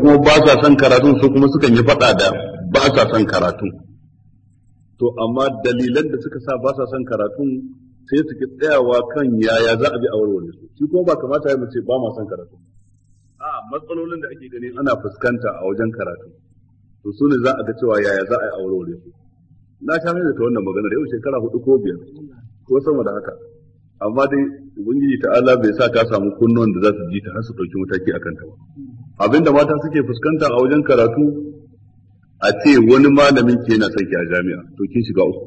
kuma ba sa son karatun su kuma sukan yi faɗa da ba sa son karatun to amma dalilan da suka sa ba sa son karatun sai suke tsayawa kan yaya za a bi a warware su shi kuma ba kamata ya mu ce ba ma son karatu a matsalolin da ake gani ana fuskanta a wajen karatu to su ne za a ga cewa yaya za a yi a warware su na sha mai da ta wannan maganar yau shekara hudu ko biyar ko sama da haka amma dai ubangiji ta'ala bai sa ka samu kunnuwan da za su ji ta har su ɗauki mataki akan ta ba abinda mata suke fuskanta a wajen karatu a ce wani malamin ke yana son ki a jami'a to kin shiga uku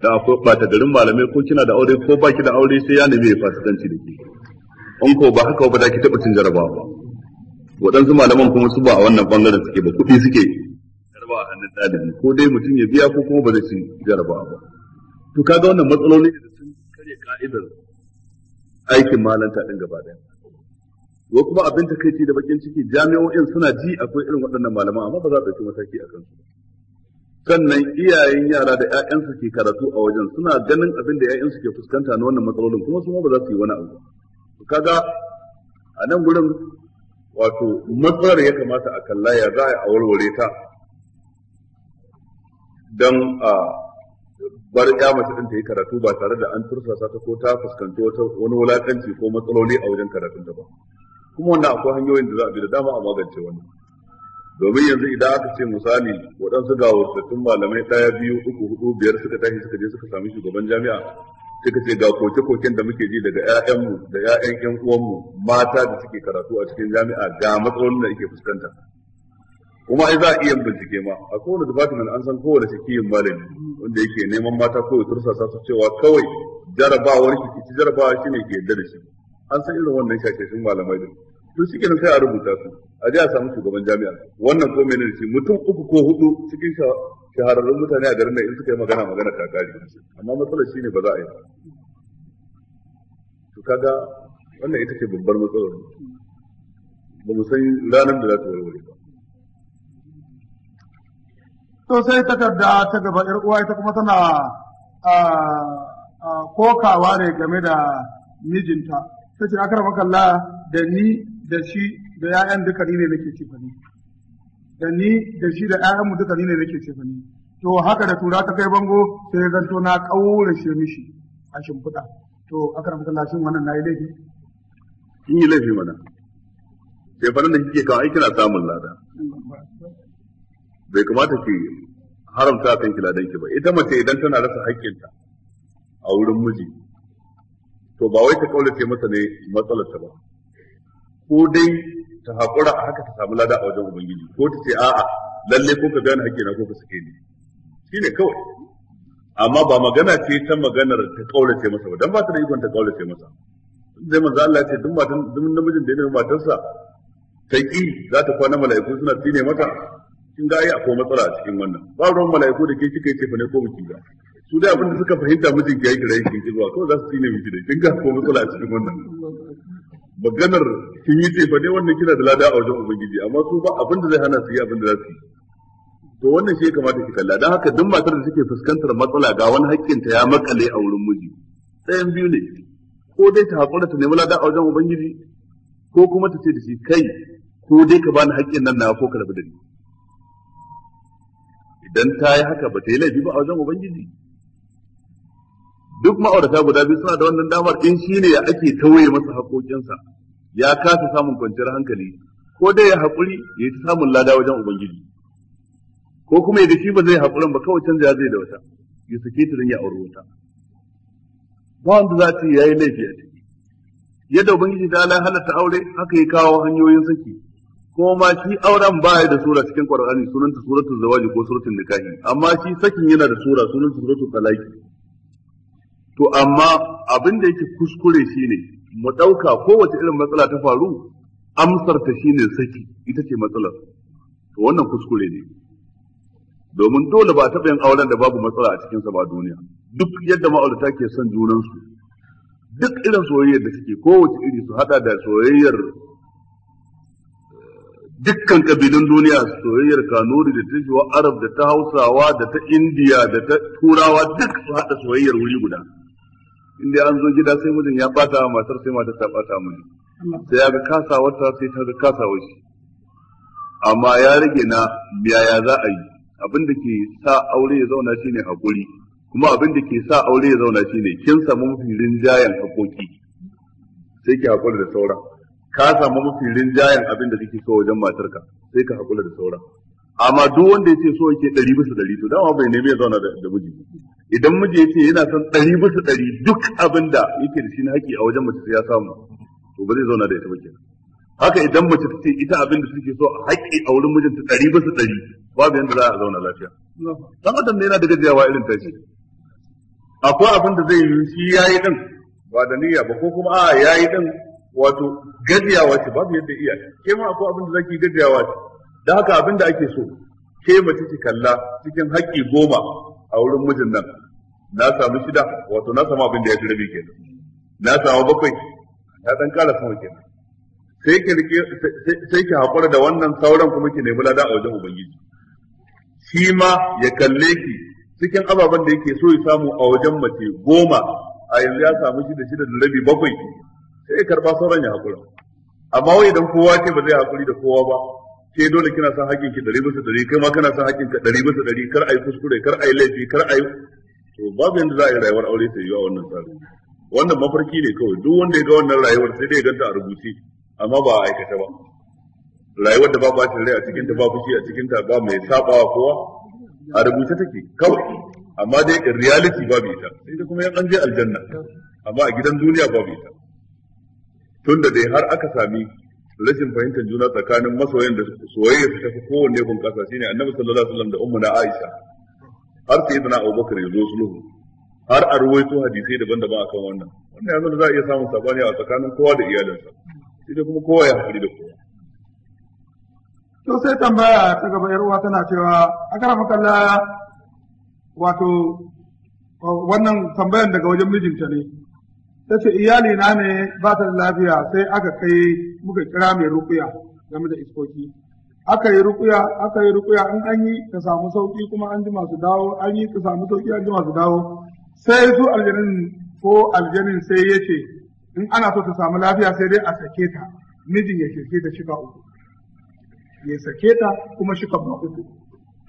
da akwai bata garin malamai ko kina da aure ko baki da aure sai ya nemi fasikanci da ke in ko ba haka ba da ki taɓa cin jarabawa ba waɗansu malaman kuma su ba a wannan bangaren suke ba kuɗi suke jarabawa a hannun ɗalibi ko dai mutum ya biya ko kuma ba zai ci jarabawa ba to kaga wannan matsaloli da sun karya ka'idar aikin malanta ɗin gaba ɗaya ko kuma abin takaici da bakin ciki jami'o'in suna ji akwai irin waɗannan malaman amma ba za a ɗauki mataki a kansu sannan iyayen yara da 'ya'yansu ke karatu a wajen suna ganin abin da 'ya'yansu ke fuskanta na wannan matsalolin kuma su ma ba za su yi wani abu kaga a nan gurin wato matsalar ya kamata a kalla ya za a warware ta don a bar ya mace ɗin ta yi karatu ba tare da an tursasa ta ko ta fuskanci wani wulaƙanci ko matsaloli a wajen karatunta ba kuma wannan akwai hanyoyin da za a bi da dama a magance wannan domin yanzu idan aka ce misali waɗansu ga wasattun malamai ɗaya biyu uku hudu biyar suka tashi suka je suka sami shugaban jami'a suka ce ga koke-koken da muke ji daga 'ya'yanmu da 'ya'yan 'yan uwanmu mata da suke karatu a cikin jami'a ga matsalolin da ake fuskanta kuma ai za a iya bincike ma a kowane department an san kowane shakiyin malami wanda yake neman mata ko tursasa su cewa kawai jarabawar shi ci jarabawa shine ke yarda da shi an san irin wannan shakeshin malamai din to shi kenan sai a rubuta su a je a samu shugaban jami'a wannan ko menene shi mutum uku ko hudu cikin shahararrun mutane a garin nan in suka yi magana magana ta kare amma matsalar shine ba za a yi ba to kaga wannan ita ce babbar matsalar ba mu san ranar da za ta warware ba to sai takarda ta gaba yar uwa ita kuma tana ah, ah, kokawa ne game da mijinta ta ce akar makalla da ni da shi da ‘ya'yan duka ni ne nake ce fani da ni da shi da mu duka ni ne nake ce fani to haka da tura ta kai bango sai to na ƙaura shi mishi a shimfiɗa to akar makalla shin wannan na yi laifi in yi laifi mana sai fa da kike kawo kina samun lada bai kamata ki haramta kan ki ki ba ita mace idan tana rasa haƙƙinta a wurin miji to ba wai ta kaulace masa ne matsalar ta ba ko dai ta haƙura a haka ta samu lada a wajen ubangiji ko ta ce a'a lalle ko ka biya ni hakina ko ka sake ni shine kawai amma ba magana ce ta maganar ta kaulace masa ba dan ba ta da ikon ta kaulace masa zai manzo Allah ya ce duk matan duk namijin da ya matarsa ta ki za ta kwana mala'iku suna tsine mata kin ga ai akwai matsala a cikin wannan ba ruwan mala'iku da ke kike ce fa ne ko biki ga su dai abin da suka fahimta mijin ya yi kira shi zuwa kawai za su tsine miki da kin ga ko matsala a cikin wannan maganar kin yi ce fa ne wannan kina da lada a wajen ubangiji amma su ba abin da zai hana su yi abin da za su yi to wannan shi ya kamata ki kalla dan haka duk matar da suke fuskantar matsala ga wani hakkin ta ya makale a wurin miji ɗayan biyu ne ko dai ta haƙura ta nemi lada a wajen ubangiji ko kuma ta ce da shi kai ko dai ka bani hakkin nan na ko ka rabu da ni idan ta yi haka ba ta yi laifi ba a wajen ubangiji duk ma'aurata guda biyu suna da wannan damar in shi ne ake tauye masa haƙoƙinsa ya kasa samun kwanciyar hankali ko dai ya haƙuri ya ta samun lada wajen ubangiji ko kuma ya da ba zai haƙurin ba kawai canza zai da wata ya sake ta ya auri wata ba wanda za ta yi ya yi laifi a ciki yadda ubangiji ta ala halatta aure haka ya kawo hanyoyin saki ko ma shi auren ba ya da sura cikin qur'ani sunanta suratul zawaji ko suratul nikahi amma shi sakin yana da sura sunanta suratul talaki to amma abin da yake kuskure shine mu ɗauka kowace irin matsala ta faru amsar ta shine saki ita ce matsalar to wannan kuskure ne domin dole ba taɓa yin auren da babu matsala a cikinsa ba duniya duk yadda ma'aurata ke son junansu duk irin soyayyar da suke kowace iri su hada da soyayyar eh, dukkan kabilun duniya soyayyar kanuri da ta arab da ta hausawa da ta indiya da ta turawa duk su hada soyayyar wuri guda inda an zo gida sai mijin ya bata wa matar sai matar ta bata miji sai ya ga kasawarta sai ta ga kasawar shi amma ya rage na yaya za a yi abin da ke sa aure ya zauna shine hakuri kuma abin da ke sa aure ya zauna shine kin samu mafi jayan hakoki sai ki hakuri da sauran ka samu mafi jayan abin da kike so wajen matarka sai ka hakura da sauran amma duk wanda ya ce so yake ɗari bisa ɗari to dama bai nemi ya zauna da miji idan miji yace yana son ɗari bisa ɗari duk abin da yake da shi na haƙi a wajen mace sai ya samu to ba zai zauna da ita ba kenan haka idan mace ta ce ita abin da suke so a haƙƙi a wurin mijinta ɗari bisa ɗari babu yadda za a zauna lafiya dan adam ne yana da gajiyawa irin tashi akwai abin da zai yi shi yayi din ba da niyya ba ko kuma a yayi din wato gajiyawa ce babu yadda iya ke ma akwai abin da zaki gajiyawa ce dan haka abin da ake so ke mace ki kalla cikin haƙƙi goma a wurin mijin nan na samu shida wato na samu abin da ya fi rabi kenan na samu bakwai na dan kara sama kenan sai ki rike sai ki hakura da wannan sauran kuma ki nemi lada a wajen ubangiji shi ma ya kalle ki cikin ababen da yake so ya samu a wajen mace goma a yanzu ya samu shida shida da rabi bakwai sai ya karba sauran ya hakura amma wai idan kowa ce ba zai hakuri da kowa ba sai dole kina san hakkin ki dari bisa dari kai ma kana san hakkin ka dari bisa dari kar ai kuskure kar ai laifi kar ai babu yadda za a yi rayuwar aure ta yiwa wannan tsarin wannan mafarki ne kawai duk wanda ya ga wannan rayuwar sai dai ya ganta a rubuce amma ba a aikata ba rayuwar da ba ba ta rai a cikin ta ba fushi a cikin ta ba mai sabawa kowa a rubuce take kawai amma dai in reality babu ita sai da kuma yan an je aljanna amma a gidan duniya babu ita tunda dai har aka sami rashin fahimtar juna tsakanin masoyan da soyayya su tafi kowanne bunƙasa shine annabi sallallahu alaihi wasallam da ummu na Aisha har sai na abubakar ya zo sulhu har a ruwaito hadisai daban-daban akan wannan wannan yanzu za a iya samun sabani a tsakanin kowa da iyalinsa sai kuma kowa ya hakuri da kowa to sai tambaya ta gaba yar uwa tana cewa a kara makalla wato wannan tambayan daga wajen mijinta ne ta ce iyali na ne ba ta da lafiya sai aka kai muka kira mai rukuya game da iskoki aka yi rukuya aka yi rukuya in an yi ka samu sauki kuma an ji masu dawo an yi ka samu sauki an ji masu dawo sai su aljanin ko aljanin sai ya ce in ana so ta samu lafiya sai dai a sake ta mijin ya shirke ta shika uku ya sake ta kuma shika ba uku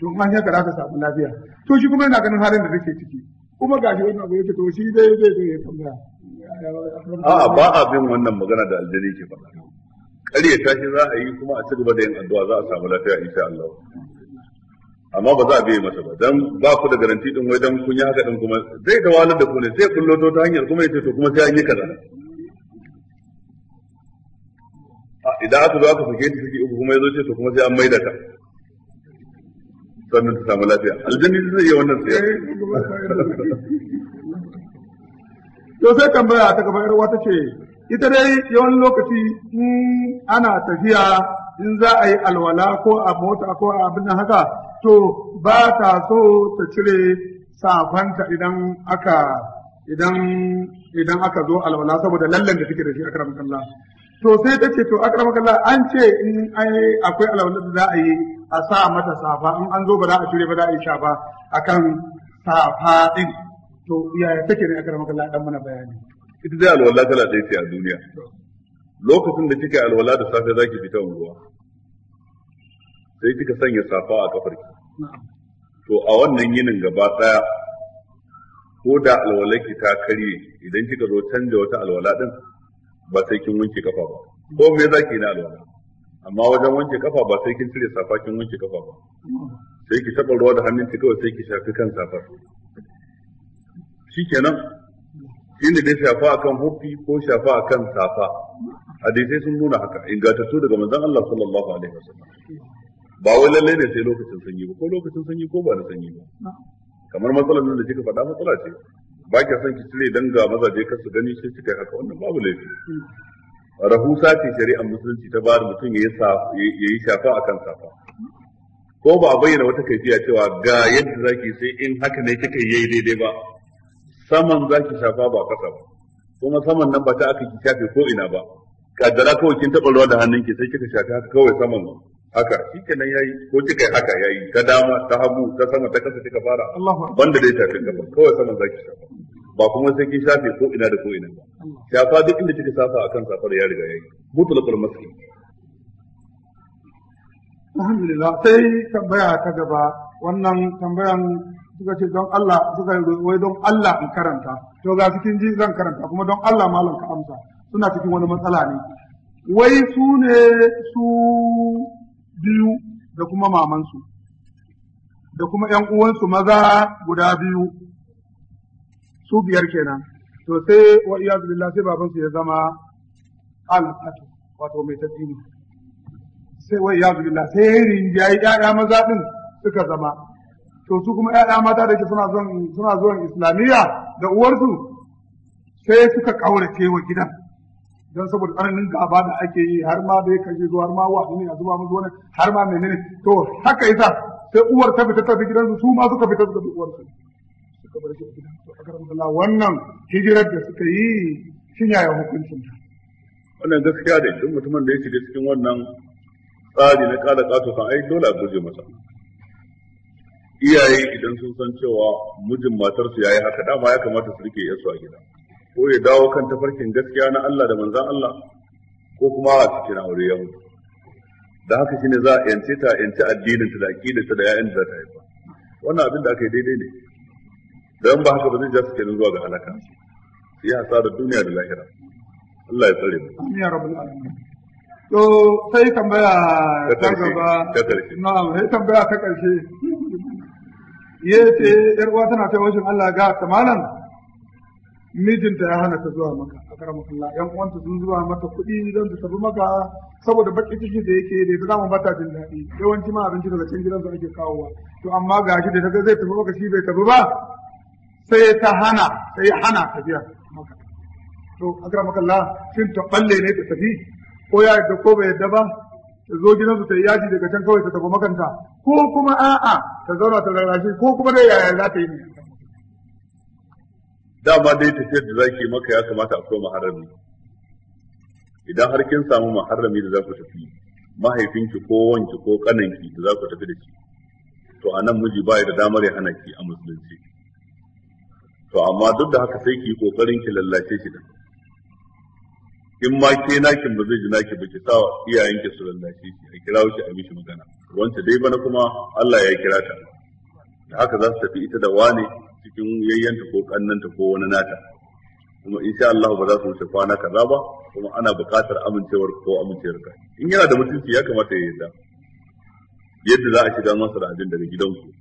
to in an yaka za ka samu lafiya to shi kuma yana ganin halin da take ciki kuma gashi wannan abu yake to shi dai zai dai ya tambaya a'a ba abin wannan magana da aljani ke faɗa karya tashi za a yi kuma a ci gaba da yin addu'a za a samu lafiya insha Allah amma ba za a biye masa ba dan ba ku da garanti din wai dan kun yi haka din kuma zai da walar da ku ne zai kullo ta hanyar kuma yace to kuma sai an yi kaza idan aka zo aka sake ta saki uku kuma yazo ce to kuma sai an maida ta sannan ta samu lafiya aljanni zai yi wannan sai to sai tambaya ta gaba yar wata ce ita dai yawan lokaci in ana tafiya in za a yi alwala ko a mota ko a abin haka to ba ta so ta cire safanta idan aka idan idan aka zo alwala saboda lallan da take da shi akram kallah to sai ta ce to akram kallah an ce in ai akwai alwala da za a yi a sa mata safa in an zo ba za a cire ba za a yi shafa akan safa din to yaya take ne akram kallah dan mana bayani ita dai alwala kala ɗaya ce a duniya lokacin da kika alwala da safe zaki fita unguwa sai kika sanya safa a kafar ki to a wannan yinin gaba daya ko da alwala ki ta karye idan kika zo canja wata alwala din ba sai kin wanke kafa ba ko me zaki na alwala amma wajen wanke kafa ba sai kin cire safa kin wanke kafa ba sai ki taɓa ruwa da hannunki kawai sai ki shafi kan safar shikenan inda dai shafa akan hufi ko shafa akan safa hadisai sun nuna haka ingantattu daga manzon Allah sallallahu alaihi wasallam ba wai lallai ne sai lokacin sanyi ba ko lokacin sanyi ko ba da sanyi ba kamar matsalar nan da kika faɗa matsala ce ba ki son ki cire danga mazaje kar su gani sai kika haka wannan babu laifi rahusa ce shari'ar musulunci ta bayar mutum ya yi shafa akan safa ko ba a bayyana wata kaifiya cewa ga yadda zaki sai in haka ne kika yi daidai ba saman za ki shafa ba kasa ba kuma saman nan ba ta aka ki shafe ko ina ba kaddara kawai kin taɓa ruwa da hannunki sai kika shafe haka kawai saman haka shi kenan yayi ko kika yi haka yayi ta dama ta hagu ta sama ta kasa kika fara banda dai tafi kafa kawai saman za ki shafa ba kuma sai kin shafe ko ina da ko ina ba shafa duk inda kika safa akan safar ya riga yayi mutlaqul maski alhamdulillah sai tambaya ta gaba wannan tambayan suka ce don Allah suka wai don Allah in karanta to ga cikin ji zan karanta kuma don Allah malam ka amsa suna cikin wani matsala ne wai su ne su biyu da kuma mamansu da kuma ƴan uwansu maza guda biyu su biyar kenan to sai wa iyazu billah sai su ya zama alatu wato mai tatsini sai wa iyazu billah sai rinjayi ƴaƴa maza din suka zama to su kuma ‘ya'ya mata da ke suna zuwan islamiyya da uwarsu sai suka ƙaurace wa gidan don saboda tsananin gaba da ake yi har ma da dai kashe zuwa har ma wa ne a zuba musu wani har ma menene to haka yasa sai uwar ta fita ta bi gidansu su ma suka fita suka bi uwarsu suka bar shi gidan to aka wannan hijirar da suka yi shin ya hukuncin ta wannan gaskiya da duk mutumin da yake cikin wannan tsari na kada kato kan ai dole a guje masa iyaye idan sun san cewa mijin matarsu yayi haka dama ya kamata su rike yasu a gida ko ya dawo kan tafarkin gaskiya na Allah da manzan Allah ko kuma a cikin aure ya mutu da haka shine za a yance ta yance addinin ta da aqidar ta da yayan da ta haifa wannan abin da aka yi daidai ne dan ba haka ba zai ja ke kenan zuwa ga halaka sai ya hasara duniya da lahira Allah ya tsare mu amin ya rabbul alamin to sai tambaya ta gaba na'am sai tambaya ta karshe ya ce yar uwa tana ta washin Allah ga ta malam mijinta ya hana ta zuwa maka a karamin makalla. yan uwanta sun zuwa mata kuɗi don su tafi maka saboda baƙi ciki da yake da ita zama bata jin daɗi yawanci ma abinci daga can gidansu ake kawowa to amma ga shi da ta zai tafi maka shi bai tafi ba sai ta hana sai hana tafiya maka to akramaka Allah shin ta balle ne ta tafi ko ya yadda ko bai yadda ba ta zo gidan su ta yi yaji daga can kawai ta tafi makanta ko kuma a'a ta zauna ta rarrashe ko kuma dai yaya za ta yi ne dama dai tafiyar da zaki maka ya kamata akwai maharami idan har kin samu maharami da za ku tafi mahaifinki ko wanki ko kananki da za ku tafi da shi to a nan miji ba da damar ya hana ki a musulunci to amma duk da haka sai ki yi kokarin ki lallace shi da in ma ke nakin ba zai ji naki ba ki sa iyayen ki su lallace ki a kira wuce a mishi magana wanda dai bana kuma Allah ya kira ta da haka za su tafi ita da wane cikin yayyanta ko kannanta ko wani nata kuma insha Allah ba za su wuce kwana kaza ba kuma ana buƙatar amincewar ko amincewar ka in yana da mutunci ya kamata ya yarda yadda za a shiga masa da abin daga gidanku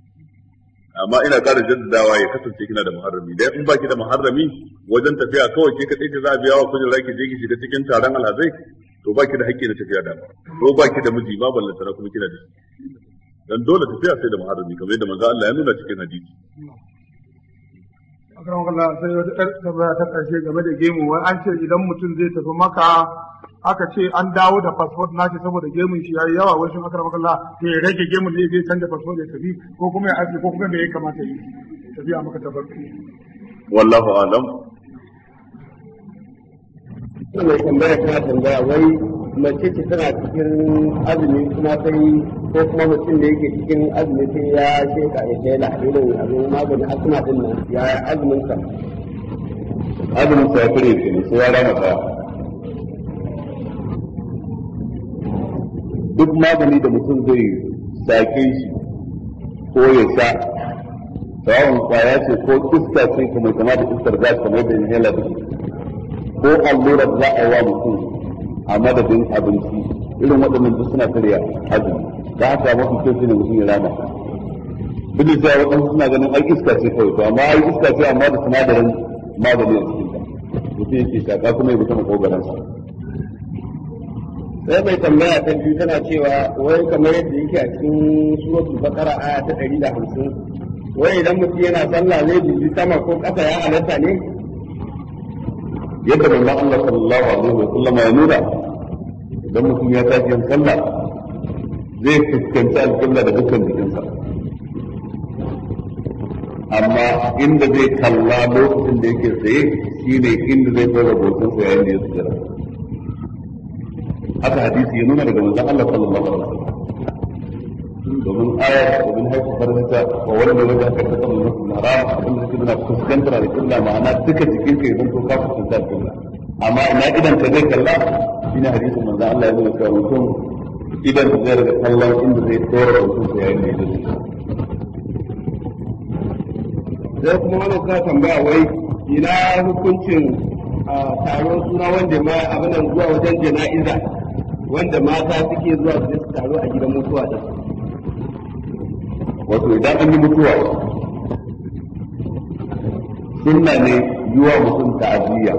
amma ina ƙara jaddadawa ya kasance kina da muharrami da in baki da muharrami wajen tafiya kawai ke kadai ce za a biya wa kujin zaki je ki shiga cikin taron alhazai to baki da hakki na tafiya da ba ko baki da miji ba balle tara kuma kina da dan dole tafiya sai da muharrami kamar yadda manzo Allah ya nuna cikin hadisi akan Allah sai wata tambaya ta karshe game da gemu wai an ce idan mutum zai tafi maka aka ce an dawo da passport nashi saboda gemun shi yayi yawa wai shin akrama kallah to ya rage gemun ne zai canza passport ya tafi ko kuma ya aske ko kuma me ya kamata yi tafiya maka tabarki wallahu alam mai tambaya ta tambaya wai mace ce tana cikin azumi kuma sai ko kuma mutum da yake cikin azumi sai ya sheka ya shaila irin abin maganin asma din nan ya azumin ka. azumin sa ya kare ke sai ya rama duk magani da mutum zai sake shi ko ya sha tsawon kwaya ce ko iska ce kuma kama da iskar za mai da inhaler take ko allura za a wa mutum a madadin abinci irin waɗannan duk suna karya azumi da haka mafi kyau shi ne mutum ya rama duk da cewa waɗansu suna ganin ai iska ce kawai to amma ai iska ce amma da sinadarin magani a cikin ta mutum yake shaƙa kuma ya bi ta makogaransa sai mai tambaya ta biyu tana cewa wai kamar yadda yake a cikin suratul bakara aya ta ɗari da hamsin wai idan mutum yana sallah zai jiji sama ko ƙasa ya halatta ne yadda manzon Allah sallallahu alaihi wa sallam ya nuna idan mutum ya tashi yin sallah zai fuskanci alƙibla da dukkan jikinsa amma inda zai kalla lokacin da yake tsaye shine inda zai tsora bokinsa yayin da ya sujjara haka hadisi ya nuna daga manzon Allah sallallahu alaihi wasallam domin aya domin haifu farinta wa wanda wajen aka taɓa mulki na rama abin da suna fuskantar da kibla ma'ana duka jikin ka yanzu ka fuskanta da amma ina idan ka zai kalla shi hadisi hadisin manzan Allah ya nuna cewa mutum idan ka zai daga kallon inda zai tsora da mutum yayin da ya zai zai kuma wani ka tambaya wai ina hukuncin ah, taron suna wanda ma abin zuwa wajen jana'iza wanda mata suke zuwa su su taro a gidan mutuwa da wato idan an yi mutuwa sunna ne yiwa mutum ta'aziyya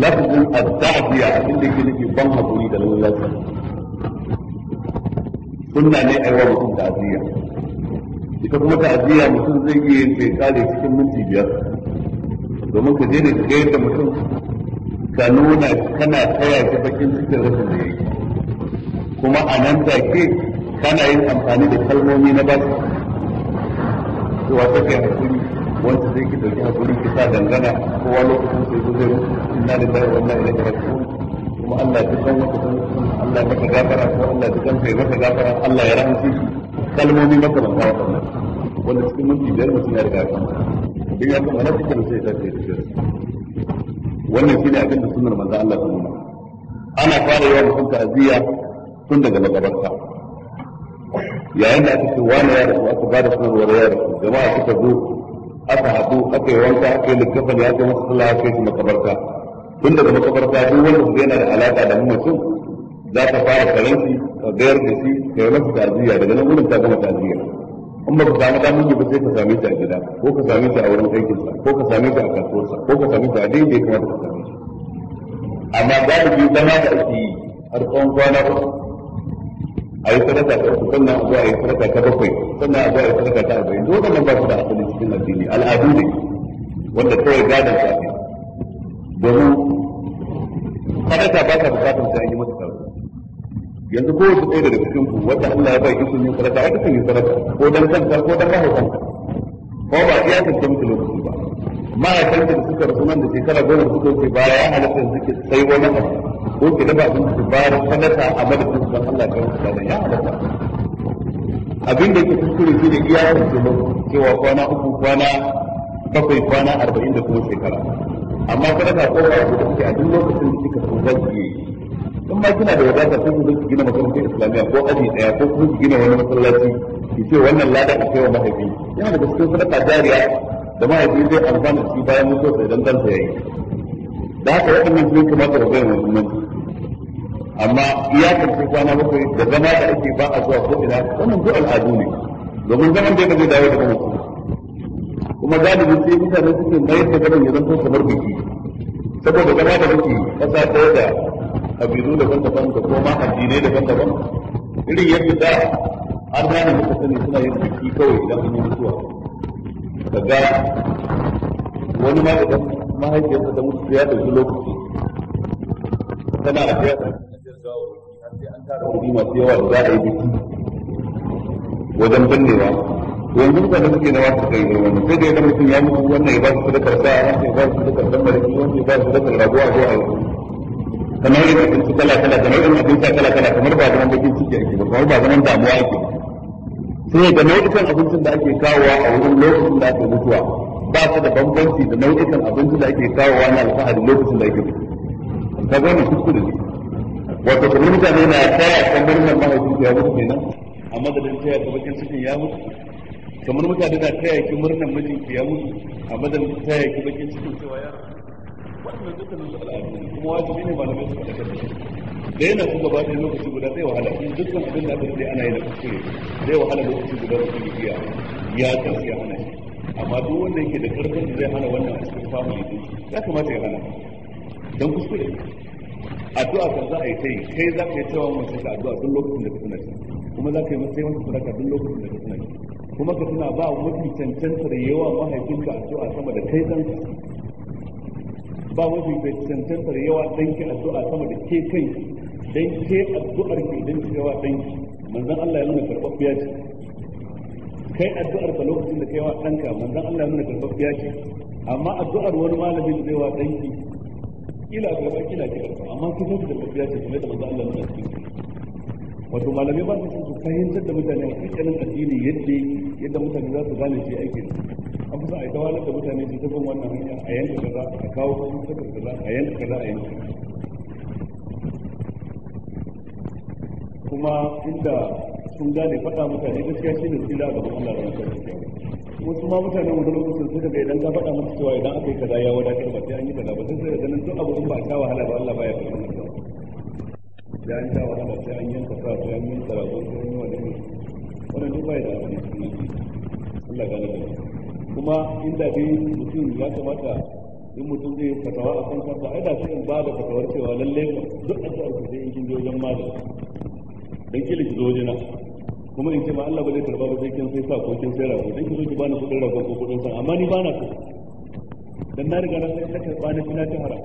lafzin ta'aziyya inda da ke nufi ban hakuri da lallasa sunna ne a yiwa mutum ta'aziyya ita kuma ta'aziyya mutum zai iya yin kai kare cikin minti biyar domin ka je ne ka ga yadda mutum ka nuna kana taya shi bakin cikin rashin da yake kuma a nan da ke kana yin amfani da kalmomi na baki cewa ta kai hakuri wanda zai ki dauki hakuri ki sa dangana ko wani lokacin sai ku zai mutu inna lillahi wa inna ilaihi raji'un kuma Allah ya san maka san Allah ya maka gafara ko Allah ya san kai maka gafara Allah ya rahmace shi kalmomi maka ban gawa wannan wanda cikin minti biyar mutum ya riga kan bin ya kuma na cikin sai ta ce da shi wannan ne abin da sunnar manzo Allah ta nuna ana fara yawan mutum ta'aziyya tun daga magabarta yayin da aka ce wani ya rasu aka bada sanarwar ya rasu jama'a suka zo aka haɗu aka yi wanka aka yi littafin ya kai masa sallah aka yi makabarta tun daga makabarta duk wanda su yana da alaƙa da mutum za ka fara karanci ka gayar da shi ka yi masa ta'aziyya daga nan wurin ta gama ta'aziyya in ba ka samu damar yi ba sai ka same ta a gida ko ka same ta a wurin aikinsa ko ka same ta a sa ko ka same ta a daidai kuma ka same ta amma galibi zama da ake yi har tsawon kwana ba a yi sadaka ta uku sannan a zo a yi sadaka ta bakwai sannan a zo a yi sadaka ta arba'in duk wannan ba su da asali cikin addini al'adu ne wanda kawai gadon sa ne domin sadaka ba ta bukatar sai an yi mata yanzu ko su tsaye daga cikin ku wanda Allah ya baki sun yi sadaka ai kuka yi sadaka ko dan kanka ko dan kawo kanka ko ba iya kanta mutu lokaci ba ma kanta da suka rasu nan da shekara goma da suka wuce baya ya halatta yanzu ke sai wani abu ko ke dafa abin su da sadaka a madadin su Allah ya kawo da ya halatta abin da ke kuskure shi ne iya kanta lokaci cewa kwana uku kwana bakwai kwana arba'in da kuma shekara amma sadaka ko ba ku da kuke a duk lokacin da suka so zaki yi in ma kina da wadata ko kuma ki gina makarantar islamiyya ko aji daya ko kuma ki gina wani masallaci ki ce wannan lada ka kai wa mahaifi yana da cikin sadaka jariya da mahaifi zai amfana shi bayan mutuwa sai dan dan yayi da haka waɗannan sun kuma da bayyana wannan amma iyakar su kwana bakwai da zama da ake ba a zuwa ko ina wannan duk al'adu ne domin zaman da zai dawo da kanku kuma galibin sai mutane suke mai da gaban ya zanto kamar biki saboda gaba da biki kasa ɗaya yadda kabilu daban-daban da kuma addinai daban-daban irin yadda da har da muka sani suna yin biki kawai idan an yi mutuwa daga wani ma idan mahaifiyarsa ta mutu ya dauki lokaci tana a fiya da an tara kuɗi masu yawa da za a yi biki wajen binnewa yanzu mutane suke na wasu kai ne wani sai dai da mutum ya mutu wannan ya ba su sadakar sa ya ba su sadakar dan mariki wani ya ba su sadakar raguwa zuwa yanzu da nau'in abinci kala kala da nau'in abin sha kala kala kamar ba zaman bakin suke ake ba kamar ba zaman damuwa ake sai da nau'ikan abincin da ake kawowa a wurin lokacin da ake mutuwa ba su da bambanci da nau'ikan abincin da ake kawowa na alfahari lokacin da ake mutuwa ka gane da ne wato kamar mutane na taya kamar nan mahaifin ya mutu kenan a madadin taya da bakin cikin ya mutu kamar mutane na taya ki murnan mijinki ya mutu a madadin taya ki bakin suke cewa ya mutu wannan dukkanin su al'adu ne kuma wajibi ne malamai su faɗa da shi da yana su gaba ɗaya lokaci guda zai wahala in dukkan abin da aka ce ana yi da kuskure zai wahala lokaci guda su yi biya ya tsarki ya hana shi amma duk wanda yake da ƙarfin da zai hana wannan a cikin ne din ya kamata ya hana Dan kuskure addu'a kan za a yi ta yi kai za ka yi cewa mace ka addu'a duk lokacin da ka tuna shi kuma za ka yi masa yawan sadaka duk lokacin da ka tuna shi kuma ka tuna ba mafi cancantar yawa mahaifinka addu'a sama da kai kanka ba mafi da cancantar yawa danki addu'a sama da ke kai dan ke addu'ar ki dan ki yawa danki manzon Allah ya nuna karbabbiya ce kai addu'ar ka lokacin da kai wa danka manzon Allah ya nuna karbabbiya ce amma addu'ar wani malami da zai wa danki kila ba kila ki karɓa amma ki san da karbabbiya ce kuma da manzon Allah ya nuna ki wato malamai ba su fahimtar da mutane a cikin addini yadda yadda mutane za su gane shi aikin an kusa a yi da mutane su ta wannan hanya a yanka kaza a kawo kuma sakar kaza a yanka kaza a yanka kuma inda sun gane faɗa mutane gaskiya shi ne sila ga Allah da mutane wasu ma mutane wani lokacin suka daga idan ka faɗa musu cewa idan aka yi kaza ya wadatar ba sai an yi kaza ba sai da ganin duk abu ba a sha wahala ba Allah baya karɓar masa sai an sha wahala sai an yanka sa sai an yanka rago sai an yi wani wannan duk ya da ne Allah gane da kuma inda dai mutum ya kamata in mutum zai fatawa a kan kansa ai da sai in ba da fatawar cewa lalle duk addu'ar ku sai in kin ma wajen malam dan kila ki zo wajena kuma in ce ma Allah ba zai karba ba zai kin sai sa ko kin sai rago dan ki zo ki bani kudin rago ko kudin san amma ni bana so dan na riga na sai ta karba na kina ta hara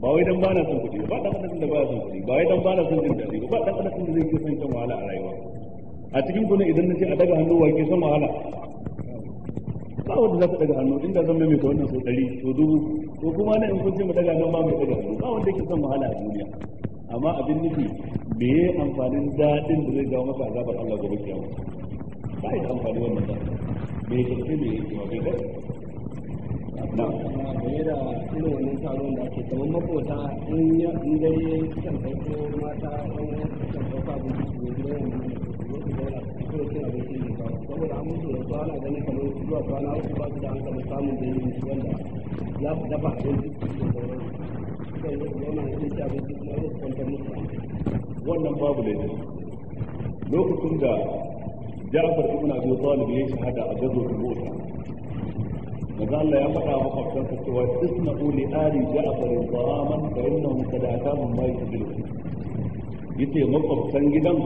ba wai dan bana son kudi ba dan adam da baya son kudi ba wai dan bana son jin dadi ba dan adam da zai ke son kan wahala a rayuwa a cikin ku ne idan ce a daga hannu wa ke son wahala ba wanda za ta daga hannu inda zan mai wannan so ɗari so dubu ko kuma na in kun ce mu daga nan ba mai daga hannu ba wanda yake son wahala a duniya amma abin nufi me ya amfanin daɗin da zai jawo masa azabar Allah gobe ba ya amfani wannan ba me ya tafi ya na game mata kan kawai cin abincin ne ba saboda an mutu da su ana ganin kamar zuwa kwana uku ba su da hankali samun da yin su wanda za su dafa abinci su da sauran sukan zo su zauna a cikin abinci kuma zai kwantar musu wannan babu laifin. lokacin da Ja'far ibn Abi Talib ya shahada a gazotul Uhud maza Allah ya faɗa wa kwafsansa cewa isma'u li ali ja'far ta'aman fa innahum qad atahum ma yusilu yake makwabtan gidan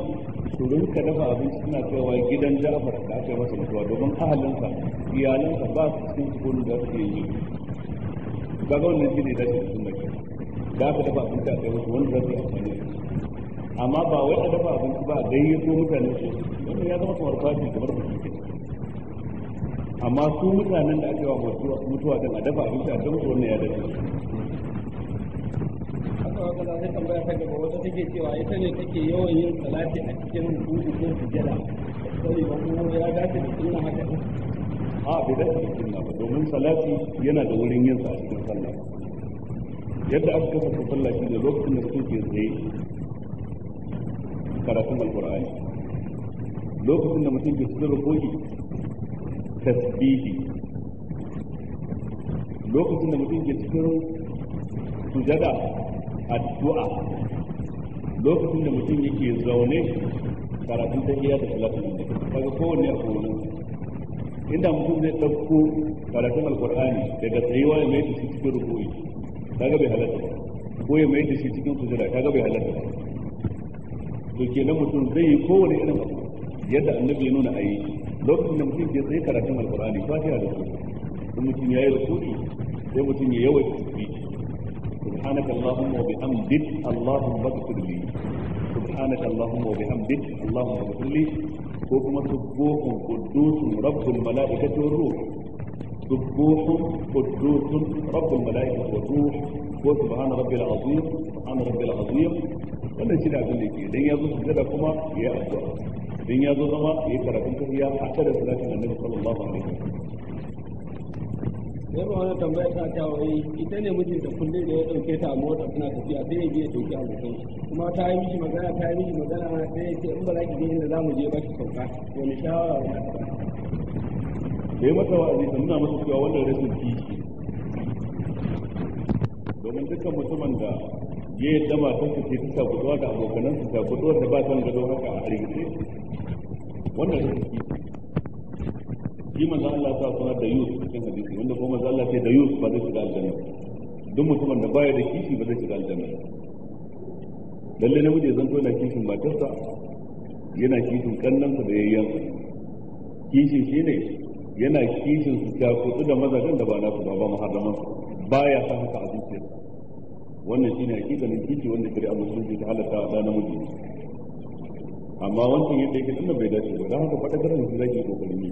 su rinka dafa abinci suna cewa gidan Ja'far da aka masa mutuwa domin ahalinsa iyalinsa ba su cikin sukun da su yi kaga wannan shine da ke sunna ke da aka dafa abinci a kai wasu wani zafi a yi amma ba wai a dafa abinci ba a ko mutane su wani ya zama kamar fashi kamar ba amma su mutanen da aka yi wa mutuwa din a dafa abinci a kan su wannan ya dace sai tambaya ta gaba wata take cewa ita ne take yawan yin salati a cikin rubutu ko sujada sai ba ya da sunna haka a bai dace da sunna ba domin salati yana da wurin yin sa a cikin sallah yadda aka kafa sallah shi ne lokacin da mutum ke tsaye karatun alqur'ani lokacin da mutum ke cikin rubutu tasbihi lokacin da mutum ke cikin sujada addu'a lokacin da mutum yake zaune karatun ta iya da salatul da kaga kowanne a kowanne inda mutum zai ɗauko karatun alkur'ani daga tsayuwa ya mai da shi cikin rukuri kaga bai halatta ko ya mai da shi cikin sujada kaga bai halatta to kenan mutum zai yi kowane irin abu yadda annabi ya nuna ayi lokacin da mutum ke tsaye karatun alkur'ani fatiha da su mutum ya yi rukuri sai mutum ya yawaita tasbih سبحانك اللهم وبحمدك اللهم اغفر لي سبحانك اللهم وبحمدك اللهم اغفر لي وكما سبوح قدوس رب الملائكة والروح سبوح قدوس رب الملائكة والروح وسبحان ربي العظيم سبحان ربي العظيم wannan shi ne abin da ke idan ya zo sujada kuma ya addu'a idan ya zo zama ya karatun tafiya a annabi sallallahu alaihi wasallam sai wani tambaya ta ta wai ita ne mijinta kullum da ya dauke ta mota suna tafiya sai ya biya a mutum kuma ta yi miki magana ta yi miki magana sai ya ce in ba za ki je inda za mu je ba ki sauka wani shawara ba ta yi masa wa'azi ta nuna masa cewa wannan rashin kishi domin dukkan mutumin da ya yi dama ta ce ta guduwa, da abokanansu guduwa, da ba ta gado haka a hargitse wannan rashin kishi shi manzo Allah ta sanar da cikin hadisi wanda kuma manzo Allah ce da ba kishin matarsa yana kishin kannansa da yayyan kishin ne yana kishin su ta kudu da mazajen da ba na su ba ba sa haka a zuciyarsa wannan a wanda ta halatta da namiji amma wancan yadda yake bai dace ba don haka faɗa garin su zaki kokarin yi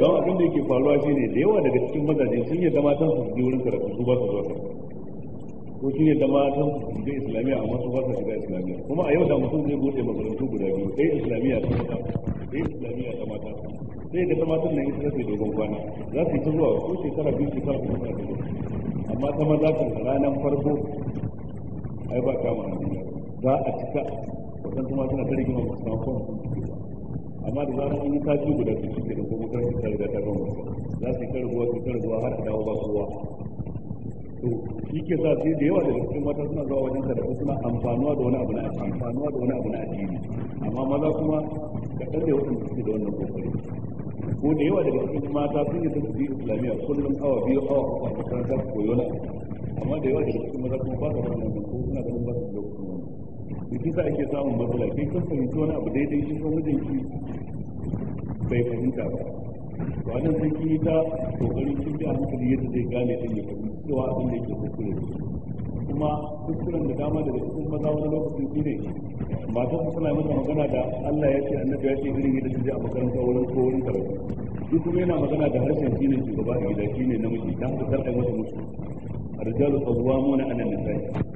don abin da yake faruwa ne da yawa daga cikin mazaje sun yadda matan su je wurin karatu su ba su zuwa ko ne da matan su je islamiyya amma su ba su shiga islamiyya kuma a yau da mutum zai bude makarantu guda biyu ɗaya islamiyya ta mata ɗaya islamiyya ta mata sai da ta matan nan ita take dogon kwana za su yi ta zuwa ko shekara biyu shekara uku ta zuwa amma ta maza kan ranar farko ai ba kama na za a cika wasan kuma suna ta rigima masu kama kuma amma da zarar an yi kaji guda su shi da kuma kan ta riga ta gama za su yi ruwa su ruwa har dawo ba kowa to shi ke sa sai da yawa da cikin mata suna zuwa wajen ta da su suna amfanuwa da wani abu na addini amfanuwa da wani abu na addini amma maza kuma da ka da waɗanda suke da wannan kokari ko da yawa daga cikin mata sun yi tafi islamiyya kullum awa biyu awa uku a makaranta su koyo na amma da yawa daga cikin maza kuma ba su fara wannan to sa ake samun matsala kai kan fahimci wani abu daidai shi wajen shi bai fahimta ba to anan sai kin yi ta kokari kin da hankali yadda zai gane din ya fahimci cewa abin da yake kuskure kuma kuskuren da dama daga cikin maza wani lokacin shi ne matar su suna masa magana da Allah ya ce annabi ya ce irin yadda su je a makaranta wurin ko wurin karatu duk kuma yana magana da harshen shi ne shugaba a gida shi ne namiji ta haka karɓa masa musu الرجال قوامون da النساء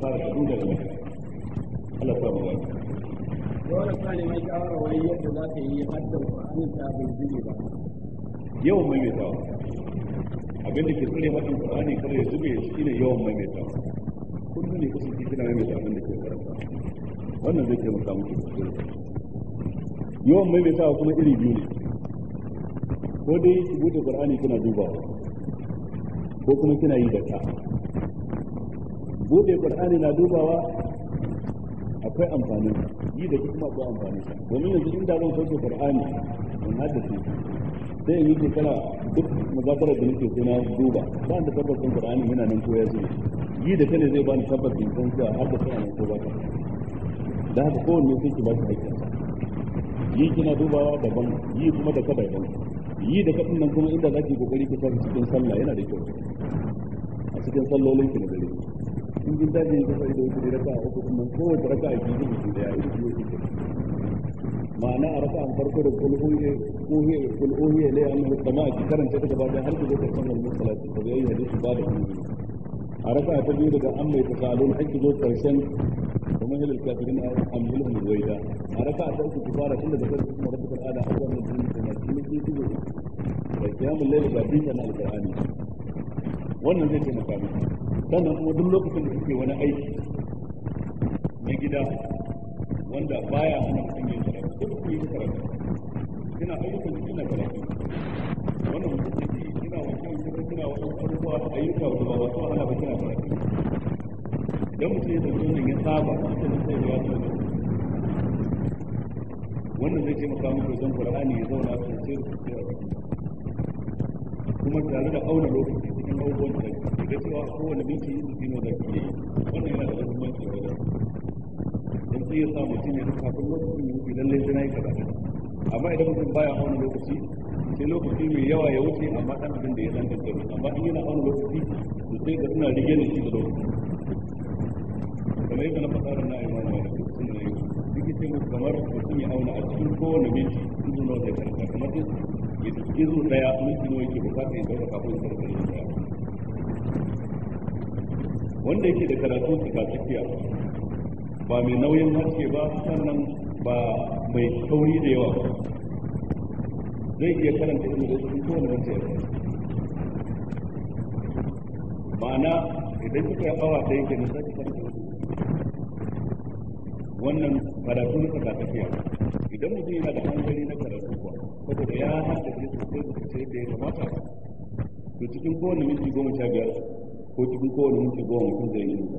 fara kadu da Allah ba dole ka ne mai da ya zube yawan maimaitawa ne maimaita abin da ke karanta wannan zai taimaka muku yawan maimaitawa kuma iri biyu ne ko dai ki bude Qur'ani kina dubawa ko kuma kina yi da ta bude qur'ani na dubawa akwai amfanin yi da kuma akwai amfanin sa domin yanzu inda zan sauke qur'ani in hada su sai in yi kana duk mazakarar da nake sai na duba ba da tabbacin qur'ani yana nan koya ya yi da kane zai bani tabbacin san cewa har da sai ko ba ta da haka kowanne sai ki ba shi hakkin yi kina dubawa daban yi kuma da kada daban yi da kaɗin nan kuma inda zaki kokari ki san cikin sallah yana da kyau a cikin sallolin ki na gari. in ji ta ne da wuce raka a uku kuma kowace raka a biyu ne da ya yi biyu ma'ana a raka an farko da kulhuye kuhuye kulhuye an kama karanta ta gaba da har wani ta zai yi hadisi ba da kuma a raka ta biyu daga an mai haƙƙi zo karshen kuma hilal kafirin da a raka ta uku fara tun daga farko kuma a da na cikin cikin da kiyamul wannan zai taimaka sannan kuma duk lokacin da kuke wani aiki na gida wanda baya hana mutum yin karatu duk kuma yi karatu kina ayyukan da kina karatu wannan mutum take kina wajen kuma kina wajen abubuwa ayyuka wanda ba wasu hana ba kina karatu idan mutum ya zaune wannan ya saba cikin sai ya zo wannan zai taimaka muku zan qur'ani ya zauna sosai da sosai kuma tare da auna lokaci cikin abubuwan da ga cewa kowane minti yin dino da ke wannan yana da muhimmanci wajen don sai sa mutum ya kafin lokacin ya wuce lallai sai na yi kaza amma idan mutum baya wani lokaci sai lokaci mai yawa ya wuce amma dan abin da ya san kanka amma in yana lokaci to sai ka suna rige da shi da lokaci kamar yadda na faɗa da yi mana da lokacin da yau ce kamar mutum ya auna a cikin kowane minti in zo na wajen karka kamar ya zo daya minti nawa yake bukata ya zauna kafin karkar wanda yake da karatu ga tsakiya ba mai nauyin haske ba sannan ba mai kauri da yawa zai iya karanta ilmi da cikin kowane wanda ya ma'ana idan kika yi awa ɗaya ke nan zaki karanta wannan karatu na tsaka tafiya idan mutum yana da hankali na karatu kuwa saboda ya haɗa da sosai da sosai da ya kamata to cikin kowane minti goma sha biyar ko cikin kowane minti goma mutum zai yi ido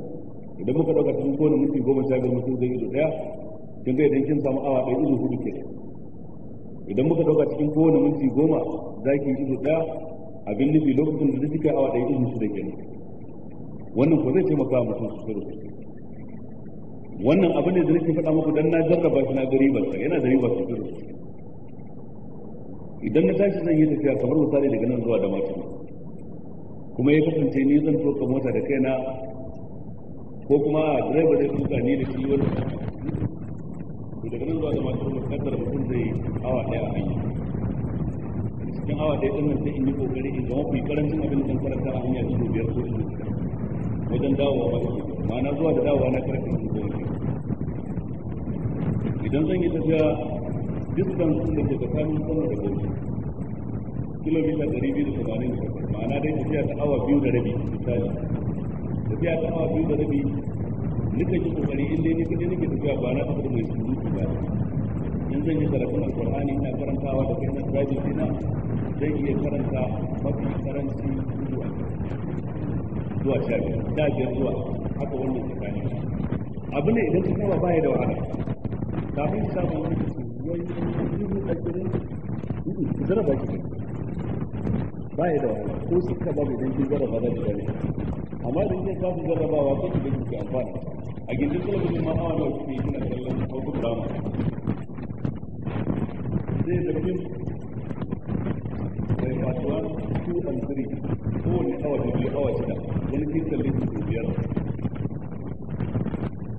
idan muka ɗauka cikin kowane minti goma sha biyar mutum zai yi ido ɗaya kin ga idan kin samu awa ɗaya ido hudu ke idan muka ɗauka cikin kowane minti goma za ki yi ido ɗaya abin nufi lokacin da duka awa ɗaya ido shida ke wannan ko zai taimaka wa mutum sosai da sosai wannan abin da nake faɗa muku dan na jarraba shi na gari barka yana da riba sosai da idan na tashi zan yi tafiya kamar misali daga nan zuwa da mata kuma ya kasance ni zan tuka mota da kaina ko kuma direba zai tuka ni da shi wani to daga nan zuwa da masu bukatar mutum zai hawa daya a hanya cikin hawa daya din nan sai in yi kokari in zama ku karancin abin da karanta a hanya su biyar ko su wajen dawowa ba ma'ana zuwa da dawowa na karfin su biyar idan zan yi tafiya distance da ke tsakanin sama da bauchi kilomita ɗari biyu da tamanin ma'ana dai tafiya ta awa biyu da rabi misali tafiya ta awa biyu da rabi nika ji kokari in dai ni nika tafiya ba na tafi da mai surutu ba in zan yi karatun alƙur'ani ina karantawa da kai na tsirabi zan iya karanta mafi karanci zuwa zuwa sha biyar biyar zuwa haka wannan tsakani abu ne idan ka saba baya da wahala kafin samun wani wani dubu ashirin dubu ba ya da wahala ko su ka babu idan kin jarraba za ki gane amma idan kin kafin jarrabawa ko ki ga ki amfana a gindin talabijin ma awa nawa kike kina kallon ko drama zai da kin sai fatuwa 2 and 3 kowane awa da biyu awa shida wani kin kalli su biyar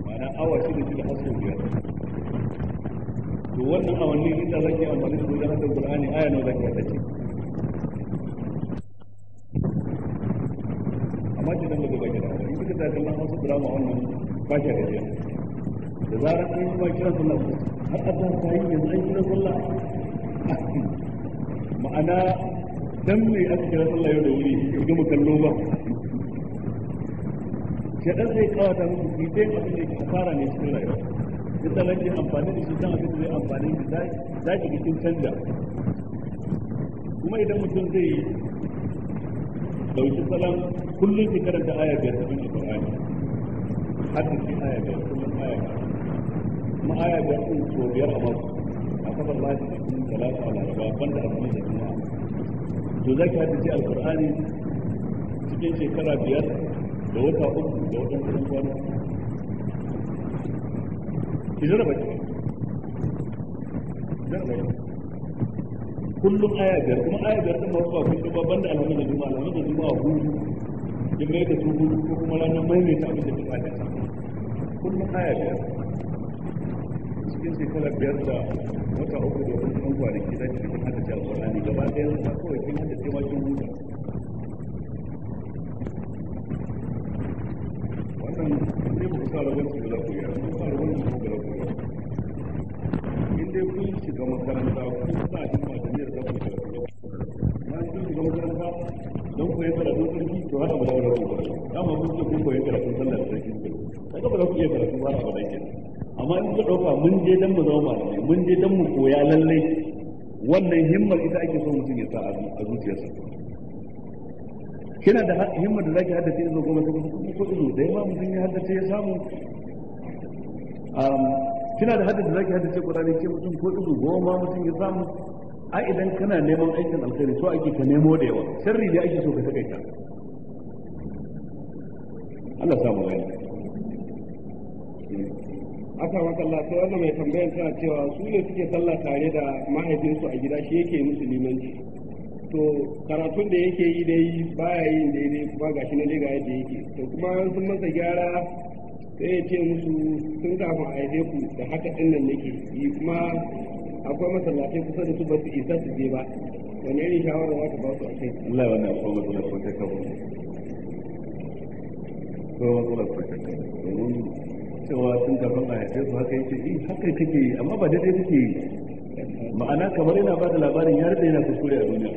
ma'ana awa shida shida har sau biyar to wannan awanni inda zaki amfani da wajen hadda qur'ani aya nawa zaki hadda ce amma ke in kika ta kallon drama wannan ba shi da jiya da zarar an yi kira sallah har ta yi yanzu an kira sallah ma'ana dan me aka kira sallah yau da wuri in gama kallo ba zai kawata musu dai ne cikin rayuwa duk da amfani da shi abin da zai amfani da za ki cikin canja kuma idan mutum zai dauki salam kullum ki karanta aya biyar cikin Qur'ani hadin ki aya biyar kullum aya kuma aya biyar sun so biyar a mako a kafar da kun talata a raba banda azumi da kuma to zaki hadda shi alqur'ani cikin shekara biyar da wata uku da wadansu kwana ki baki ki baki kullum aya biyar kuma aya biyar ɗin ba ba kullum ba banda alhamdu da juma'a alhamdu da juma'a hu in mai da su hudu ko kuma ranar mai mai samun da juma'a ta kullum aya biyar cikin shekara biyar da wata uku da wani ɗan kwanaki za ki cikin haddace ne gaba ɗaya na kawai kin haddace ma kin huta wannan ne ba ku sa rabon su da ku yi ku sa rabon su da ku yi in dai kun shiga makaranta kun sa don koyi karatun sarki to haka ba za ku rabu ba dama kun ce kun koyi karatun sallah da sarki ce kaga ba za ku iya karatu ba haka ba dai amma in ka dauka mun je dan mu zama malamai mun je dan mu koya lalle wannan himmar ita ake son mutum ya sa a zuciyarsa kina da himmar da zaki haddace izo goma sai ko izo da ma mutum ya haddace ya samu kina da haddace da zaki haddace Qur'ani ke mutum ko izo goma mutum ya samu a idan kana neman aikin alkhairi so ake ka nemo da yawa sharri da ake so ka takaita Allah ya samu gani eh, aka maka Allah sai wannan mai tambayar tana cewa su ne suke sallah tare da mahaifinsu a gida shi yake musulmanci to karatun da yake yi dai baya yin daidai kuma gashi na daga ga yadda yake to kuma sun masa gyara sai ya ce musu tun kafin a haife ku da haka ɗin nan nake yi kuma akwai masallatai kusa da su ba su isa su je ba wani irin shawara za ka ba su a Allah wannan akwai kawo ko domin cewa sun kafin a yace su haka yake haka kake amma ba daidai ma'ana kamar yana ba da labarin ya yana kuskure a duniya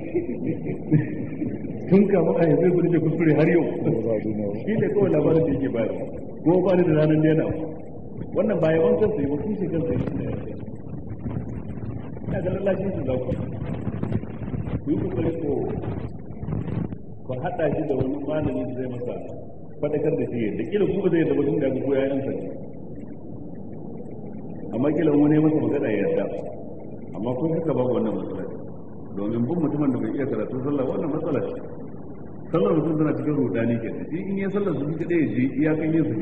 tun kama a yanzu kuskure har yau shi ne kawai labarin da wannan ba yawan kansa ina ganin lashin shi ya amma kun suka ba wannan matsala domin bin mutumin da bai karatu sallah wannan matsala ce sallar mutum tana cikin rudani ke shi in yi sallar yin su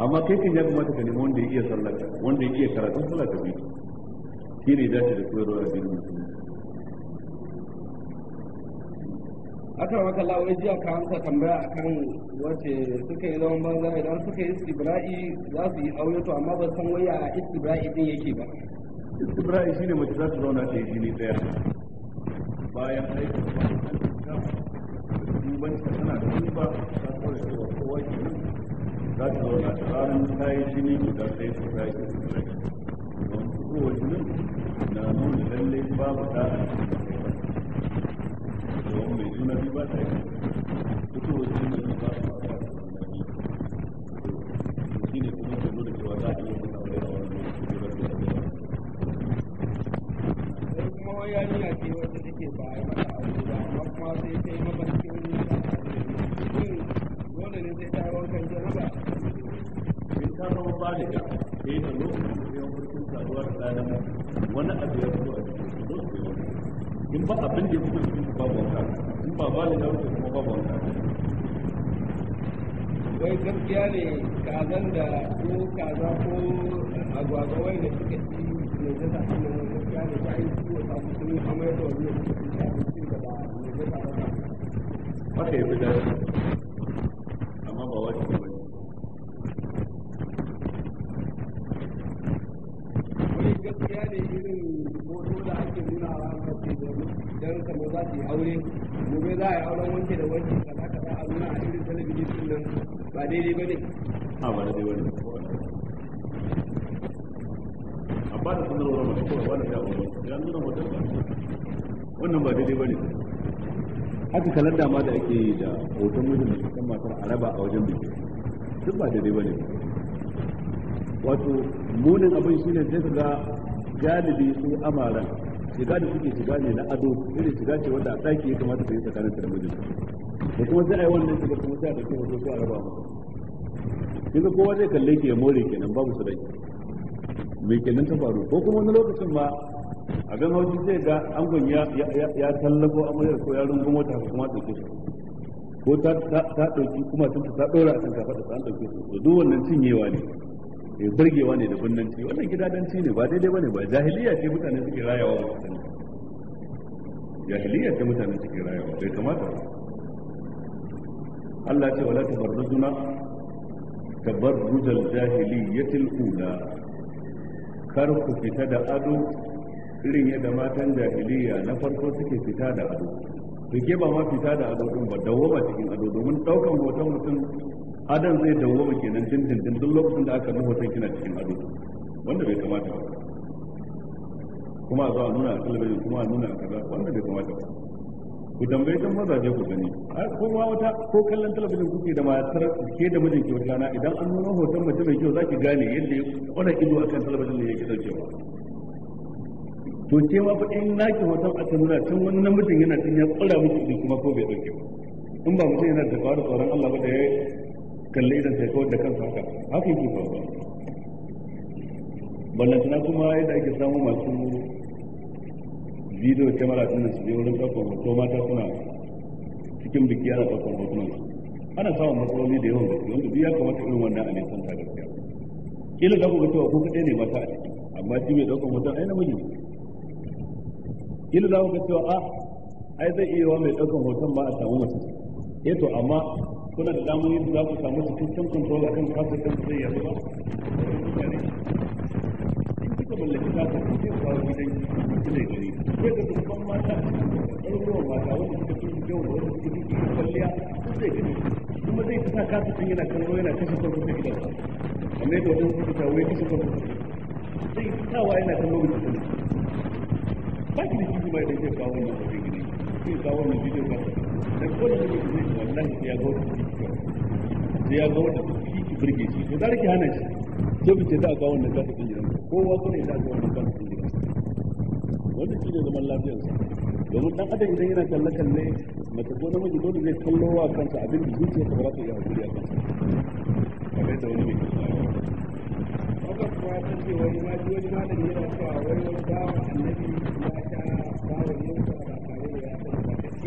amma kai kan ya kamata ka nemi wanda ya iya sallar wanda ya iya karatu sallar ka biyu shi ne dace da koyarwar addinin musulmi aka maka lawai jiya ka amsa tambaya akan wace suka yi zaman banza idan suka yi istibra'i za su yi aure to amma ba san waya a istibra'i din yake ba istibra'i shine mace za ta zauna ta yi jini daya bayan aiki duban ta tana da ba ta kawai cewa kowa ke za ta zauna ta ranar ta yi jini guda sai ta yi istibra'i babu da'a domin mai juna biyu ba ta yi juna biyu ba ta dai kuma cikin babu wanka in ba ba da wuce kuma babu wanka wai gaskiya ne kazan da ko kaza ko agwagwa wai da suka ci ne da ta hanyar wani gaskiya ne ta yi ciwo ta su sun yi amai da wani da suka ci abincin da ba ne da ta hanyar wata yi fitar su yi aure gobe za a yi auren wanke da wanke ka kaza kaza a nuna a irin talabijin din nan ba daidai ba ne a ba daidai ba ne a ba da sanarwar mace kawai ba da ya aure ya nuna wata ba wannan ba daidai ba ne haka kalanda ma da ake yi da hoton mijin da kan matar araba a wajen biki duk ba daidai ba ne wato munin abin shine sai ka ga galibi su amaran shiga da kuke shiga ne na ado irin shiga ce wanda a tsaki ya kamata su yi tsakanin ta da mijin da kuma sai ai wannan shiga kuma sai a dauki hoto ko a raba masa kinga kowa zai kalle ki ya more kenan babu su dai me kenan ta faru ko kuma wani lokacin ma a ga mawuci zai ga angon ya ya tallafo amaryar ko ya mota ko kuma ɗauke su ko ta ɗauki kuma tun ta ɗora a kan kafa ta an dauke su to duk wannan cinyewa ne ya eh, burgewa ne da bunnanci wannan gidadanci ne ba daidai bane ba jahiliya ce mutane suke rayawa ba su jahiliya ce mutane suke rayawa bai kamata Allah ce wala tabarrujuna tabarrujal jahiliyatil ula kar ku fita da ado irin yadda matan jahiliya na farko suke fita da ado to ba ma fita da ado din ba dawo ba cikin ado domin daukan hoton mutum adan zai dawwama kenan din duk lokacin da aka nufa sai kina cikin ado wanda bai kamata ba kuma a zo a nuna a talabijin kuma a nuna a kaza wanda bai kamata ba ku tambayi kan mazaje ku gani ma wata ko kallon talabijin kuke da matar ke da mijin ki wata na idan an nuna hoton mace mai kyau zaki gane yadda ya kwada ido akan talabijin ne yake daukewa to ce ma in naki hoton aka nuna can wani namijin yana cin ya tsara miki kuma ko bai dauke ba in ba mutum yana da faru tsoron Allah ba da ya kalle idan sai kawai da kansa haka haka yake faruwa ballantana kuma yadda ake samu masu bidiyo a din su je wurin ɗaukar hoto mata suna cikin biki ana ɗaukar hoto su ana samun matsaloli da yawan gaske wanda duk ya kamata irin wannan a nisan ta gaskiya kila za ku ga cewa ko kaɗai ne mata a ciki amma shi mai ɗaukar hoton ai namiji kila za ku ga cewa a ah, ai zai iya wa mai ɗaukar hoton ba a samu masu eh to amma kuna da damar yi za ku samu cikakken control a kan kasar kan zai yi ba in kuka mallaki kasar ku zai kawo gidan ku da gari zai da dukkan mata ɗaruruwan mata wanda suka fi kyau da wanda suka fi kyau kwalliya ku zai gari kuma zai ta sa kan yana kallo yana kashe kan kusa gidan kamar yadda wajen suka tawo ya kashe kan zai sa yana kallo mutum ba ki da shi kuma idan zai kawo wannan gidan sai kawo mai bidiyo ba ko da zai ya ga sai ya ga burge shi to da rike hana shi ce a wannan kowa kuma ya wannan wannan domin dan adam idan yana kalle kalle mace ko namiji dole zai kallo wa kansa abin da zuciya ta ta hakuri a kansa kamar da wani mai ta ce wani ma wani malami yana cewa wani wani annabi ya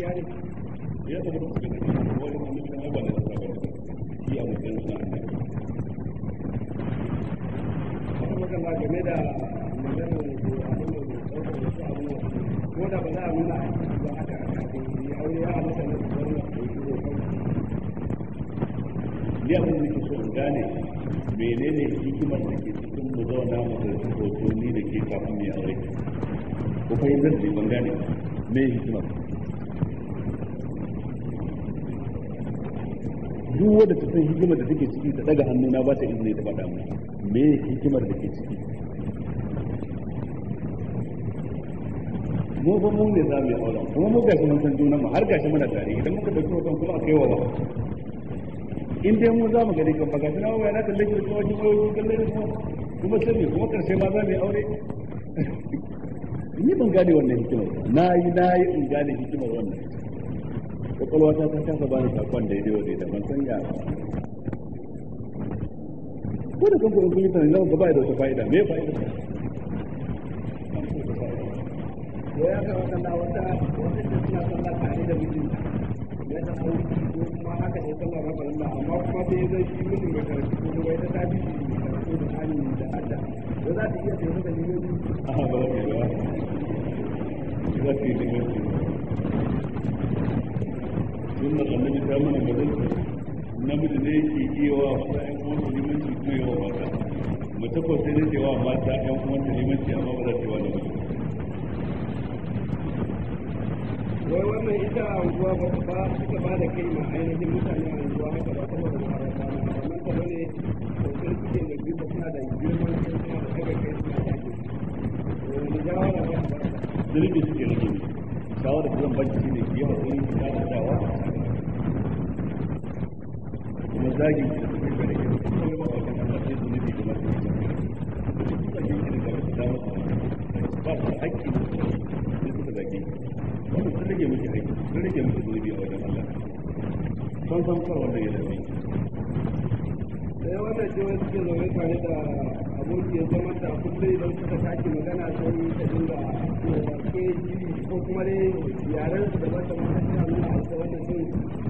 gaskiya ne ya zama da kuka gaskiya wani annabi na ba da shi a matsayin suna annabi kuma magana game da maganar da abin da ɗaukar wasu abubuwa ko da ba za a nuna ba haka a kafin ya aure ya halatta na wani na ɗauki da kan ni abin da nake so in gane menene hikimar da ke cikin mu zauna mu ɗauki hoto ni da ke kafin mai aure ko fahimtar ce ban gane me hikimar duk wanda ta san hikimar da take ciki ta daga hannu na ba ta izini ta faɗa mu me hikimar da ke ciki mu ba mu ne za mu yi auren kuma mu gashi mun san junan mu har gashi muna tare idan muka dauki hoton kuma akai wa ba in dai mu za mu gani kan baka tana waya na kalle shi kuma shi kuma kalle shi kuma sai me kuma karshe ma za mu yi aure ni ban gane wannan hikimar na yi na yi in gane hikimar wannan kwakwalwa ta san kasa bani sakon da ya daidai da ban san ya ko da kanku kuɗin kun yi zama da wata fa'ida me fa'ida ko ya wata wata wata da suna tare da ya ta kuma haka ne ba amma kuma sai zai shi mutum ba ko kuma ya ta tafi shi da hali da adda za ta iya da a ba ba ba sunnar annabi ta mana namiji ne yake iya wa ƴan uwansa limanci ko yawa ta sai nake wa mata ƴan uwansa limanci amma ba ta yi wa wai wannan ita a unguwa ba ba suka ba da kai ma ainihin mutane a unguwa haka ba kuma da ba ba amma ta bane sosai suke da duka suna da girman suna da daga kai suna da ke wani ba suke zan ne wani da dawa kuma zagin ki da kuma yi kare kuma wani ba a kan Allah sai zunubi da lafiya da kuma suka yi kiri da wasu dama ba su da haƙƙi da suka zage wannan sun rage miki haƙƙi sun rage miki zunubi a wajen Allah san san kar wannan ya zame sai wannan ce wasu ke zaune tare da abokiyar zaman da kullum idan suka tashi magana sai ta dinga ko ba ke ko kuma dai yaren su da ba ta magana ta nuna a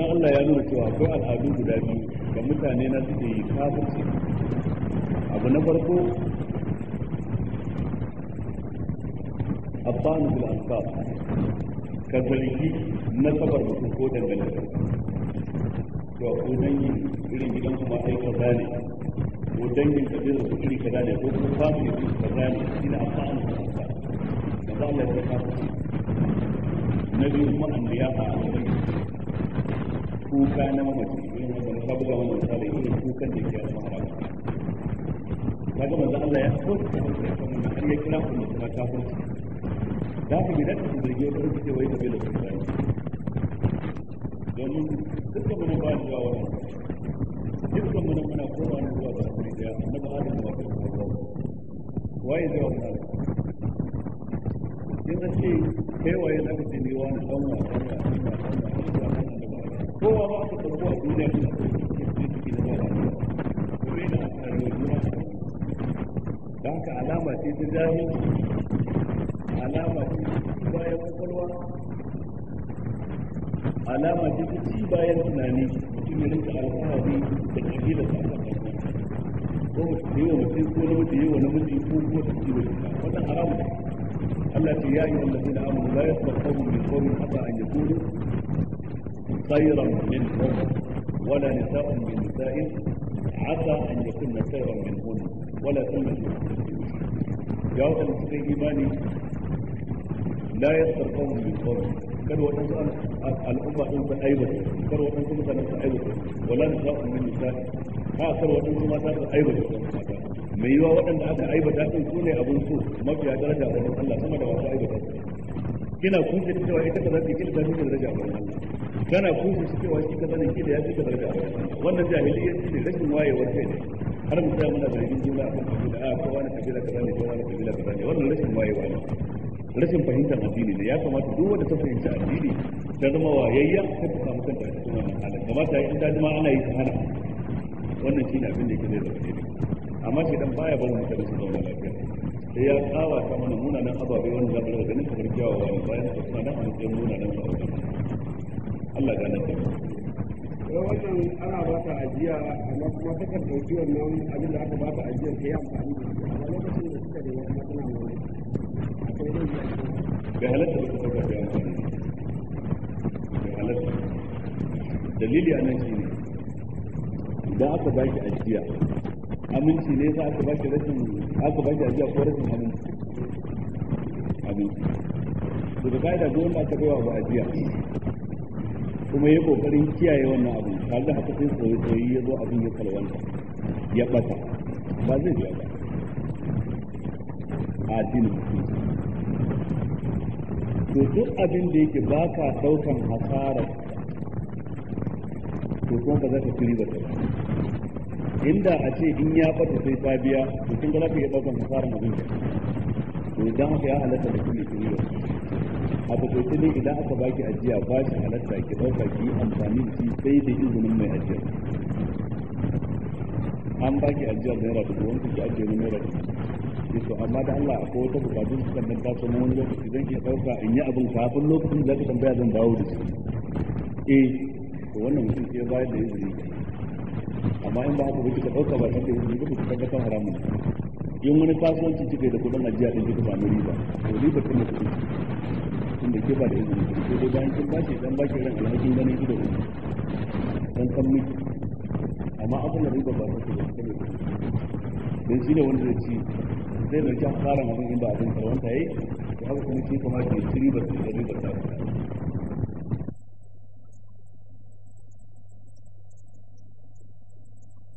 manzon Allah ya nuna cewa akwai al'adu guda biyu da mutane na suke yi kafirci abu na farko abban bil asbab ka zargi na sabar mutum ko dangantaka to ko dangin irin gidan kuma ai ka ne ko dangin ka zai su iri ka ne ko kuma fasu ne kaza ne ina abban bil asbab da Allah ya saka na biyu kuma an riya a cikin kuka na mamaci irin wanda na buga wannan misali irin kukan da ke a mahara ka ga manzo Allah ya so ta mutu da kuma har ya kira ku mutu na kafin da ka bi da ku zargi wata rubuce cewa ita bai da kuka domin dukkan mu ba da zuwa wannan dukkan mu muna kowa ne zuwa ga asiri da na ba da mu ba waye zai wannan yanzu ce kai waye zaka ce ne wani dan wasa kowa ba su farko a duniya su da suke da zuwa kuma yana tare da juna da haka alama ce ta jahi alama ce ta bayan kwakwalwa alama ce ta ci bayan tunani mutum ya rinka alfahari da kabila ta ko mutum yi wa mutum ko namiji yi wa namiji ko ko su ci da wannan haramu Allah ya yi wallafi na amuru la yasbar qawmun bi qawmin hatta a yakunu خيرا منهم ولا نساء من نساء عسى أن يكون خيرا منهن ولا يا جاءوا المسلمين إيماني لا يسر قوم من قوم كانوا وتنسوا الأمة أنت أيضا كانوا وتنسوا مثلا أيضا ولا نساء من نساء ما kar waɗansu mata su ايضا wasu mata mai ايضا waɗanda aka ابو sun ما ne درجة su الله daraja da ايضا kina kunce da cewa ita kaza ce kila ta fi daraja ba kana kunce da cewa shi kaza ne kila ya fi daraja ba wannan jahiliyyar ce rashin wayewar kai ne har mu tsaya muna zargin juna a kan da a ah, kowa na kabila kaza ne kowa na kabila kaza ne wannan rashin wayewa ne rashin fahimtar addini ne ya kamata duk wanda ta fahimci addini ta zama wayayya ta ta samu kanta a cikin wannan halin kamata in ta zama ana yi hana wannan ne abin da yake zai zama daidai amma shi dan baya barin mutane su zama lafiya sai ya ta mana munanan ababai wanda za mu daga ganin kamar kyawa wani bayan da kuma nan a matsayin munanan ababai Allah gane ta kuma wannan ana ba ta ajiya amma kuma ta kan ɗauki wannan abin da aka ba ta ajiyar ta yi amfani da shi amma lokacin da suka da kuma tana wani akwai ɗan bai halatta da ta ɗauka ta yi amfani bai halatta dalili a nan shi ne idan aka ba ki ajiya aminci ne sa aka baki rashin aka baki ajiya ko rashin aminci aminci to da kaida duk wanda aka baiwa wa ajiya kuma ya kokarin kiyaye wannan abu kaza da haka sai tsoye tsoye ya zo abin ya kalwanta ya bata ba zai biya ba a addinin to duk abin da yake baka daukan hasara to kuma ba za ka ci ta ba inda a ce in ya bata sai ta biya to kin ga za ka iya daukan hasaran abin to idan haka ya halatta da kuma kiriyo a bakwai ne idan aka baki ajiya ba shi halatta ki dauka ki yi amfani da shi sai da izinin mai ajiya an baki ajiyar yara dubu wanda ki ajiye na naira dubu eh to amma da Allah akwai wata bukatu su kan ta so wani lokaci zan iya dauka in yi abin kafin lokacin da ka tambaya zan dawo da su eh to wannan mutum ke bayar da izini amma in ba ku ba ka dauka ba ke yi ku ka tabbatar haramun yin wani kasuwanci kike da kudin ajiya din ba samu riba to riba kuma kudi tun da ke ba da izini ko dai bayan kin bashi dan baki ran alhakin ganin ido dan kan miki amma abin da riba ba ta da kudi dan shi ne wanda zai ci zai dauki hasaran abin in ba abin karwanta yayi to haka kuma shi kamar ke riba da riba ta